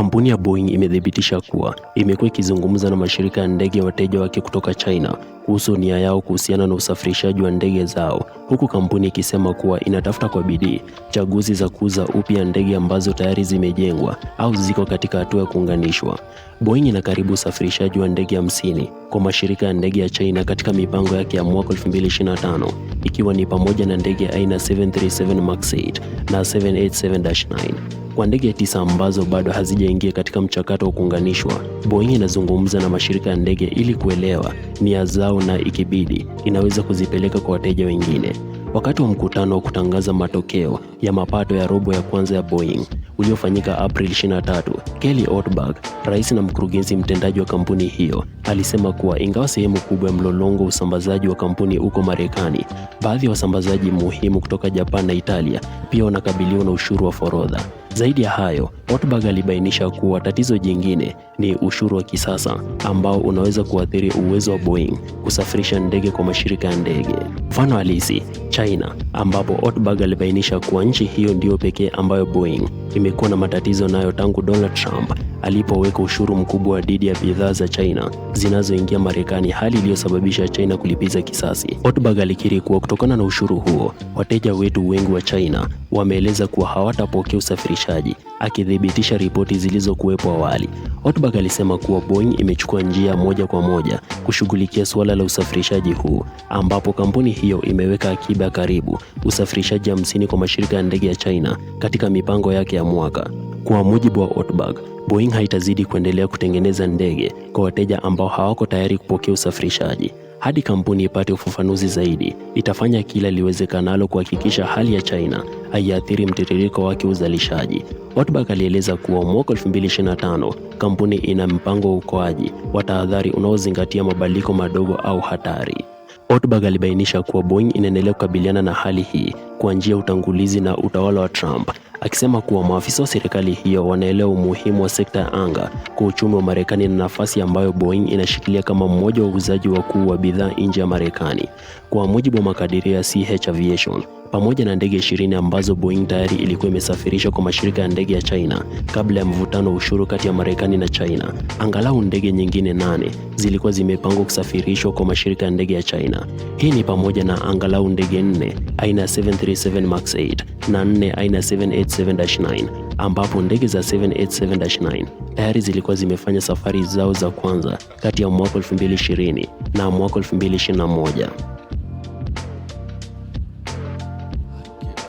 Kampuni ya Boeing imethibitisha kuwa imekuwa ikizungumza na mashirika ya ndege ya wateja wake kutoka China kuhusu nia yao kuhusiana na usafirishaji wa ndege zao, huku kampuni ikisema kuwa inatafuta kwa bidii chaguzi za kuuza upya ndege ambazo tayari zimejengwa au ziko katika hatua ya kuunganishwa. Boeing ina karibu usafirishaji wa ndege hamsini kwa mashirika ya ndege ya China katika mipango yake ya mwaka 2025 ikiwa ni pamoja na ndege aina 737 MAX 8 na 787-9. Kwa ndege tisa ambazo bado hazijaingia katika mchakato wa kuunganishwa, Boeing inazungumza na mashirika ya ndege ili kuelewa nia zao na ikibidi inaweza kuzipeleka kwa wateja wengine. Wakati wa mkutano wa kutangaza matokeo ya mapato ya robo ya kwanza ya Boeing uliofanyika April 23, Kelly Ortberg, rais na mkurugenzi mtendaji wa kampuni hiyo, alisema kuwa ingawa sehemu kubwa ya mlolongo usambazaji wa kampuni uko Marekani, baadhi ya wa wasambazaji muhimu kutoka Japan na Italia pia wanakabiliwa na ushuru wa forodha. Zaidi ya hayo, Otberg alibainisha kuwa tatizo jingine ni ushuru wa kisasa ambao unaweza kuathiri uwezo wa Boeing kusafirisha ndege kwa mashirika ya ndege. Mfano halisi China, ambapo Otberg alibainisha kuwa nchi hiyo ndiyo pekee ambayo Boeing imekuwa na matatizo nayo tangu Donald Trump alipoweka ushuru mkubwa dhidi ya bidhaa za China zinazoingia Marekani, hali iliyosababisha China kulipiza kisasi. Otberg alikiri kuwa kutokana na ushuru huo, wateja wetu wengi wa China wameeleza kuwa hawatapokea usafirishaji, akithibitisha ripoti zilizokuwepo awali. Otberg alisema kuwa Boeing imechukua njia moja kwa moja kushughulikia suala la usafirishaji huu, ambapo kampuni hiyo imeweka akiba karibu usafirishaji hamsini kwa mashirika ya ndege ya China katika mipango yake ya mwaka. Kwa mujibu wa Otberg, Boeing haitazidi kuendelea kutengeneza ndege kwa wateja ambao hawako tayari kupokea usafirishaji hadi kampuni ipate ufafanuzi zaidi. Itafanya kila liwezekanalo kuhakikisha hali ya China haiathiri mtiririko wake uzalishaji. Otberg alieleza kuwa mwaka 2025 kampuni ina mpango wa ukoaji wa tahadhari unaozingatia mabadiliko madogo au hatari. Otberg alibainisha kuwa Boeing inaendelea kukabiliana na hali hii kwa njia ya utangulizi na utawala wa Trump, akisema kuwa maafisa wa serikali hiyo wanaelewa umuhimu wa sekta ya anga kwa uchumi wa Marekani na nafasi ambayo Boeing inashikilia kama mmoja wa uuzaji wakuu wa bidhaa nje ya Marekani, kwa mujibu wa makadirio ya CH Aviation pamoja na ndege ishirini ambazo Boeing tayari ilikuwa imesafirisha kwa mashirika ya ndege ya China kabla ya mvutano wa ushuru kati ya Marekani na China. Angalau ndege nyingine nane zilikuwa zimepangwa kusafirishwa kwa mashirika ya ndege ya China. Hii ni pamoja na angalau ndege nne aina ya 737 MAX 8 na nne aina ya 787-9 ambapo ndege za 787-9 tayari zilikuwa zimefanya safari zao za kwanza kati ya mwaka 2020 na mwaka 2021.